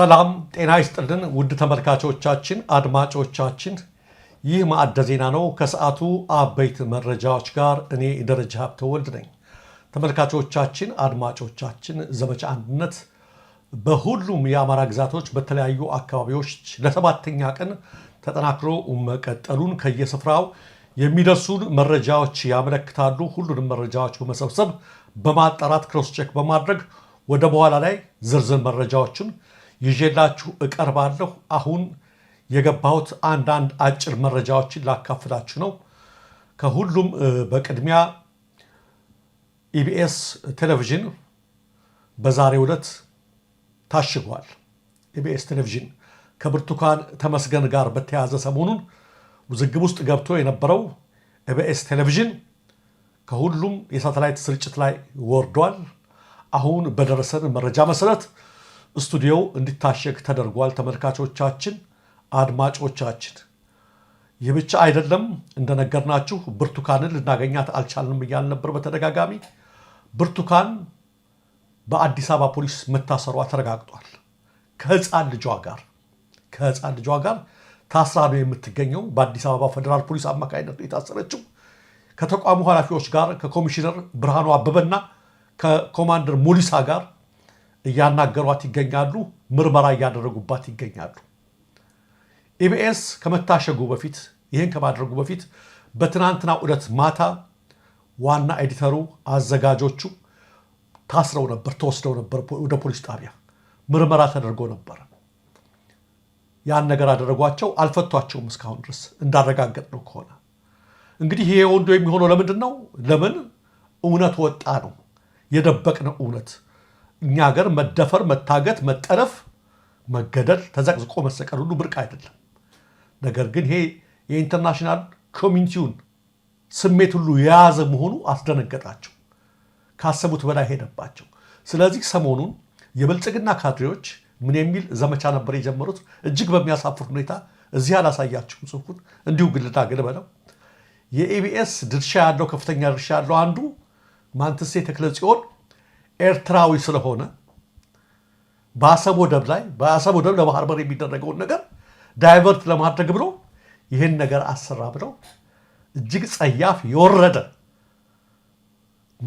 ሰላም ጤና ይስጥልን ውድ ተመልካቾቻችን፣ አድማጮቻችን፣ ይህ ማዕደ ዜና ነው። ከሰዓቱ አበይት መረጃዎች ጋር እኔ ደረጃ ሀብተወልድ ነኝ። ተመልካቾቻችን፣ አድማጮቻችን ዘመቻ አንድነት በሁሉም የአማራ ግዛቶች በተለያዩ አካባቢዎች ለሰባተኛ ቀን ተጠናክሮ መቀጠሉን ከየስፍራው የሚደርሱን መረጃዎች ያመለክታሉ። ሁሉንም መረጃዎች በመሰብሰብ በማጣራት ክሮስቼክ በማድረግ ወደ በኋላ ላይ ዝርዝር መረጃዎችን ይዤላችሁ እቀርባለሁ። አሁን የገባሁት አንዳንድ አጭር መረጃዎችን ላካፍላችሁ ነው። ከሁሉም በቅድሚያ ኢቢኤስ ቴሌቪዥን በዛሬው ዕለት ታሽጓል። ኢቢኤስ ቴሌቪዥን ከብርቱካን ተመስገን ጋር በተያያዘ ሰሞኑን ውዝግብ ውስጥ ገብቶ የነበረው ኢቢኤስ ቴሌቪዥን ከሁሉም የሳተላይት ስርጭት ላይ ወርዷል። አሁን በደረሰን መረጃ መሰረት ስቱዲዮው እንዲታሸግ ተደርጓል። ተመልካቾቻችን፣ አድማጮቻችን ይህ ብቻ አይደለም። እንደነገርናችሁ ብርቱካንን ልናገኛት አልቻልንም እያል ነበር በተደጋጋሚ ብርቱካን በአዲስ አበባ ፖሊስ መታሰሯ ተረጋግጧል። ከህፃን ልጇ ጋር ከህፃን ልጇ ጋር ታስራ ነው የምትገኘው። በአዲስ አበባ ፌዴራል ፖሊስ አማካኝነት ነው የታሰረችው። ከተቋሙ ኃላፊዎች ጋር ከኮሚሽነር ብርሃኑ አበበና ከኮማንደር ሞሊሳ ጋር እያናገሯት ይገኛሉ። ምርመራ እያደረጉባት ይገኛሉ። ኢቢኤስ ከመታሸጉ በፊት ይህን ከማድረጉ በፊት በትናንትና ዕለት ማታ ዋና ኤዲተሩ፣ አዘጋጆቹ ታስረው ነበር፣ ተወስደው ነበር ወደ ፖሊስ ጣቢያ ምርመራ ተደርጎ ነበር። ያን ነገር አደረጓቸው፣ አልፈቷቸውም እስካሁን ድረስ እንዳረጋገጥ ነው ከሆነ እንግዲህ ይሄ ወንዶ የሚሆነው ለምንድን ነው? ለምን እውነት ወጣ ነው የደበቅነው እውነት። እኛ ሀገር መደፈር፣ መታገት፣ መጠለፍ፣ መገደል፣ ተዘቅዝቆ መሰቀል ሁሉ ብርቅ አይደለም። ነገር ግን ይሄ የኢንተርናሽናል ኮሚኒቲውን ስሜት ሁሉ የያዘ መሆኑ አስደነገጣቸው። ካሰቡት በላይ ሄደባቸው። ስለዚህ ሰሞኑን የብልጽግና ካድሬዎች ምን የሚል ዘመቻ ነበር የጀመሩት? እጅግ በሚያሳፍር ሁኔታ እዚህ አላሳያችሁም ጽሑፉን እንዲሁ ግልና ግል በለው የኢቢኤስ ድርሻ ያለው ከፍተኛ ድርሻ ያለው አንዱ ማንትሴ ተክለ ጽዮን ኤርትራዊ ስለሆነ በአሰብ ወደብ ላይ በአሰብ ወደብ ለባህር በር የሚደረገውን ነገር ዳይቨርት ለማድረግ ብሎ ይህን ነገር አሰራ ብለው እጅግ ጸያፍ የወረደ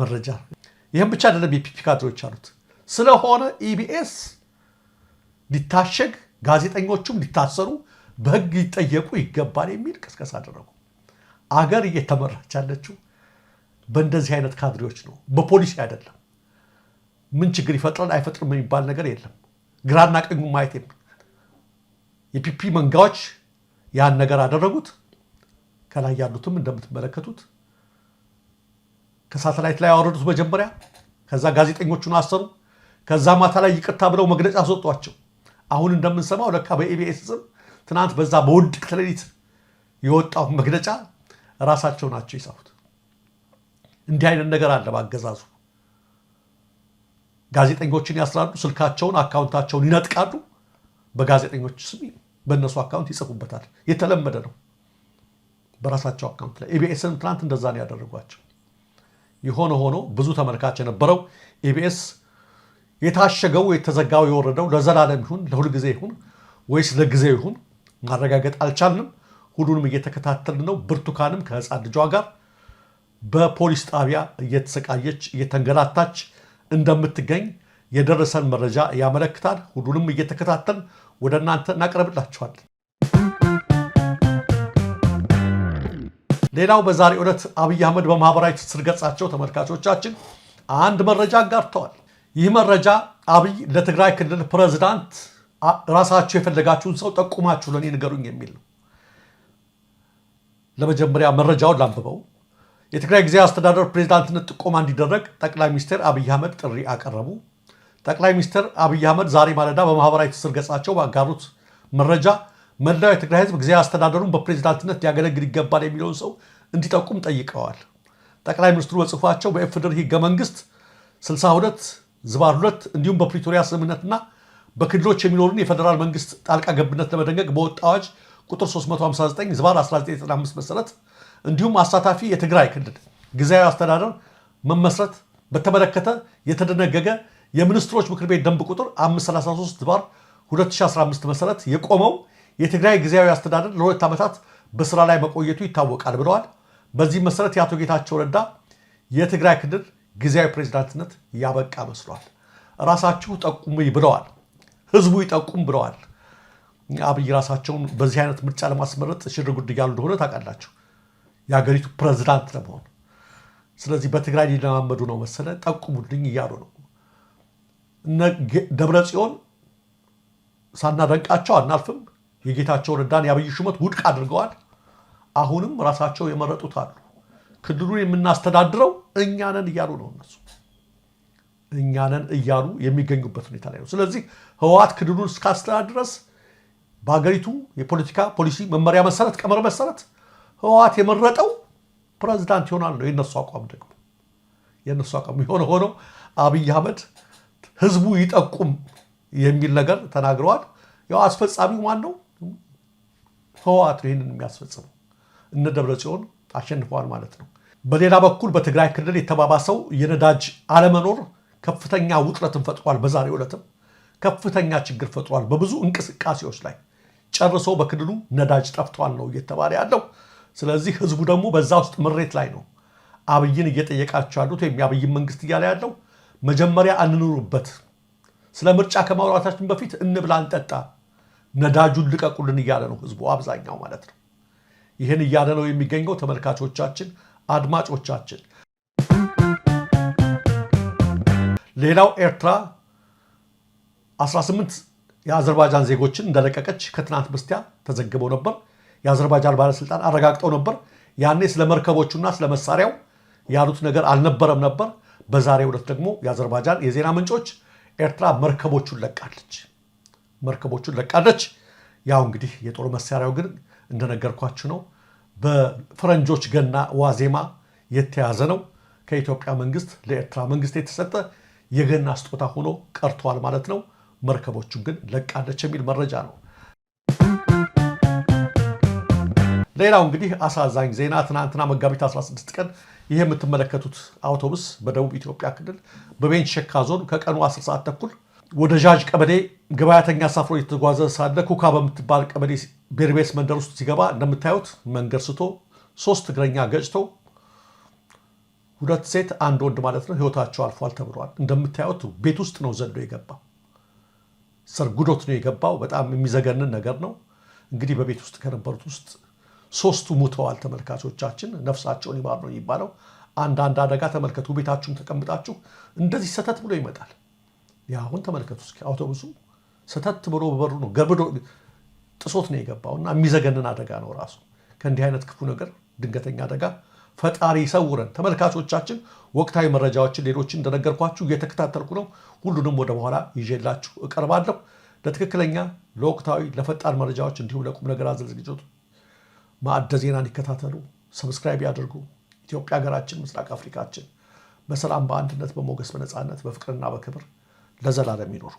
መረጃ። ይህም ብቻ አይደለም፣ የፒፒ ካድሬዎች አሉት። ስለሆነ ኢቢኤስ ሊታሸግ ጋዜጠኞቹም ሊታሰሩ በህግ ሊጠየቁ ይገባል የሚል ቅስቀሳ አደረጉ። አገር እየተመራች ያለችው በእንደዚህ አይነት ካድሬዎች ነው፣ በፖሊሲ አይደለም። ምን ችግር ይፈጥራል አይፈጥርም የሚባል ነገር የለም። ግራና ቀኙ ማየት የፒፒ መንጋዎች ያን ነገር አደረጉት። ከላይ ያሉትም እንደምትመለከቱት ከሳተላይት ላይ ያወረዱት መጀመሪያ፣ ከዛ ጋዜጠኞቹን አሰሩ። ከዛ ማታ ላይ ይቅርታ ብለው መግለጫ ሰጧቸው። አሁን እንደምንሰማው ለካ በኢቢኤስ ስም ትናንት በዛ በውድቅ ሌሊት የወጣው መግለጫ ራሳቸው ናቸው የጻፉት። እንዲህ አይነት ነገር አለ በአገዛዙ። ጋዜጠኞችን ያስራሉ፣ ስልካቸውን፣ አካውንታቸውን ይነጥቃሉ። በጋዜጠኞች ስም በእነሱ አካውንት ይጽፉበታል። የተለመደ ነው። በራሳቸው አካውንት ላይ ኢቢኤስን ትናንት እንደዛ ነው ያደረጓቸው። የሆነ ሆኖ ብዙ ተመልካች የነበረው ኢቢኤስ የታሸገው የተዘጋው የወረደው ለዘላለም ይሁን ለሁልጊዜ ይሁን ወይስ ለጊዜው ይሁን ማረጋገጥ አልቻልንም። ሁሉንም እየተከታተልን ነው። ብርቱካንም ከህፃን ልጇ ጋር በፖሊስ ጣቢያ እየተሰቃየች እየተንገላታች እንደምትገኝ የደረሰን መረጃ ያመለክታል። ሁሉንም እየተከታተልን ወደ እናንተ እናቀርብላችኋለን። ሌላው በዛሬ ዕለት አብይ አህመድ በማህበራዊ ትስስር ገጻቸው ተመልካቾቻችን አንድ መረጃ አጋርተዋል። ይህ መረጃ አብይ ለትግራይ ክልል ፕሬዝዳንት ራሳችሁ የፈለጋችሁን ሰው ጠቁማችሁ ለእኔ ንገሩኝ የሚል ነው። ለመጀመሪያ መረጃውን ላንብበው። የትግራይ ጊዜ አስተዳደር ፕሬዝዳንትነት ጥቆማ እንዲደረግ ጠቅላይ ሚኒስትር አብይ አህመድ ጥሪ አቀረቡ። ጠቅላይ ሚኒስትር አብይ አህመድ ዛሬ ማለዳ በማህበራዊ ትስስር ገጻቸው ባጋሩት መረጃ መላው የትግራይ ህዝብ ጊዜ አስተዳደሩን በፕሬዚዳንትነት ሊያገለግል ይገባል የሚለውን ሰው እንዲጠቁም ጠይቀዋል። ጠቅላይ ሚኒስትሩ በጽሁፋቸው በኤፍድር ህገ መንግስት 62 ዝባር 2 እንዲሁም በፕሪቶሪያ ስምምነትና በክልሎች የሚኖሩን የፌዴራል መንግስት ጣልቃ ገብነት ለመደንገግ በወጣ አዋጅ ቁጥር 359 ዝባር 1995 መሰረት እንዲሁም አሳታፊ የትግራይ ክልል ጊዜያዊ አስተዳደር መመስረት በተመለከተ የተደነገገ የሚኒስትሮች ምክር ቤት ደንብ ቁጥር 533 ዝባር 2015 መሰረት የቆመው የትግራይ ጊዜያዊ አስተዳደር ለሁለት ዓመታት በስራ ላይ መቆየቱ ይታወቃል ብለዋል። በዚህ መሰረት የአቶ ጌታቸው ረዳ የትግራይ ክልል ጊዜያዊ ፕሬዚዳንትነት ያበቃ መስሏል። ራሳችሁ ጠቁሙ ብለዋል። ህዝቡ ይጠቁም ብለዋል። አብይ ራሳቸውን በዚህ አይነት ምርጫ ለማስመረጥ ሽር ጉድ እያሉ እንደሆነ ታውቃላችሁ፣ የሀገሪቱ ፕሬዚዳንት ለመሆን። ስለዚህ በትግራይ ሊለማመዱ ነው መሰለ፣ ጠቁሙልኝ እያሉ ነው። ደብረ ጽዮን ሳናደንቃቸው አናልፍም። የጌታቸው ረዳን የአብይ ሹመት ውድቅ አድርገዋል። አሁንም ራሳቸው የመረጡት አሉ። ክልሉን የምናስተዳድረው እኛንን እያሉ ነው እነሱ እኛንን እያሉ የሚገኙበት ሁኔታ ላይ ነው። ስለዚህ ህወሓት ክልሉን እስካስተዳድ ድረስ በሀገሪቱ የፖለቲካ ፖሊሲ መመሪያ መሰረት፣ ቀመር መሰረት ህወሓት የመረጠው ፕሬዚዳንት ይሆናል ነው የነሱ አቋም። ደግሞ የነሱ አቋም የሆነ ሆኖ አብይ አህመድ ህዝቡ ይጠቁም የሚል ነገር ተናግረዋል። ያው አስፈጻሚው ማን ነው? ህወሓት ነው ይህንን የሚያስፈጽመው። እነ ደብረ ጽዮን አሸንፈዋል ማለት ነው። በሌላ በኩል በትግራይ ክልል የተባባሰው የነዳጅ አለመኖር ከፍተኛ ውጥረትን ፈጥሯል። በዛሬው ዕለትም ከፍተኛ ችግር ፈጥሯል በብዙ እንቅስቃሴዎች ላይ ጨርሶ በክልሉ ነዳጅ ጠፍቷል ነው እየተባለ ያለው። ስለዚህ ህዝቡ ደግሞ በዛ ውስጥ ምሬት ላይ ነው። አብይን እየጠየቃቸው ያሉት ወይም የአብይን መንግስት እያለ ያለው መጀመሪያ አንኑሩበት፣ ስለ ምርጫ ከማውራታችን በፊት እንብላ እንጠጣ ነዳጁን ልቀቁልን እያለ ነው ህዝቡ አብዛኛው ማለት ነው። ይህን እያለ ነው የሚገኘው። ተመልካቾቻችን፣ አድማጮቻችን ሌላው ኤርትራ 18 የአዘርባጃን ዜጎችን እንደለቀቀች ከትናንት በስቲያ ተዘግበው ነበር። የአዘርባጃን ባለስልጣን አረጋግጠው ነበር። ያኔ ስለ መርከቦቹና ስለ መሳሪያው ያሉት ነገር አልነበረም ነበር። በዛሬው ዕለት ደግሞ የአዘርባጃን የዜና ምንጮች ኤርትራ መርከቦቹን ለቃለች። መርከቦቹን ለቃለች። ያው እንግዲህ የጦር መሳሪያው ግን እንደነገርኳችሁ ነው። በፈረንጆች ገና ዋዜማ የተያዘ ነው። ከኢትዮጵያ መንግስት ለኤርትራ መንግስት የተሰጠ የገና ስጦታ ሆኖ ቀርተዋል ማለት ነው። መርከቦቹን ግን ለቃለች የሚል መረጃ ነው። ሌላው እንግዲህ አሳዛኝ ዜና ትናንትና መጋቢት 16 ቀን ይህ የምትመለከቱት አውቶቡስ በደቡብ ኢትዮጵያ ክልል በቤንች ሸካ ዞን ከቀኑ 10 ሰዓት ተኩል ወደ ዣጅ ቀበሌ ገበያተኛ ሳፍሮ እየተጓዘ ሳለ ኩካ በምትባል ቀበሌ ቤርቤስ መንደር ውስጥ ሲገባ እንደምታዩት መንገድ ስቶ ሶስት እግረኛ ገጭቶ ሁለት ሴት አንድ ወንድ ማለት ነው ህይወታቸው አልፏል ተብሏል። እንደምታዩት ቤት ውስጥ ነው ዘዶ የገባ ሰርጉዶት ነው የገባው። በጣም የሚዘገንን ነገር ነው። እንግዲህ በቤት ውስጥ ከነበሩት ውስጥ ሶስቱ ሙተዋል። ተመልካቾቻችን ነፍሳቸውን ይማር ነው የሚባለው። አንዳንድ አደጋ ተመልከቱ። ቤታችሁም ተቀምጣችሁ እንደዚህ ሰተት ብሎ ይመጣል። አሁን ተመልከቱ እስኪ አውቶቡሱ ስተት ብሎ በበሩ ነው ገርብዶ ጥሶት ነው የገባው እና የሚዘገንን አደጋ ነው ራሱ። ከእንዲህ አይነት ክፉ ነገር ድንገተኛ አደጋ ፈጣሪ ይሰውረን። ተመልካቾቻችን ወቅታዊ መረጃዎችን ሌሎችን እንደነገርኳችሁ እየተከታተልኩ ነው። ሁሉንም ወደ በኋላ ይዤላችሁ እቀርባለሁ። ለትክክለኛ ለወቅታዊ ለፈጣን መረጃዎች እንዲሁም ለቁም ነገር አዘል ማዕደ ዜናን ይከታተሉ፣ ሰብስክራይብ ያደርጉ ኢትዮጵያ ሀገራችን፣ ምስራቅ አፍሪካችን በሰላም በአንድነት በሞገስ በነፃነት በፍቅርና በክብር ለዘላለም ይኖሩ።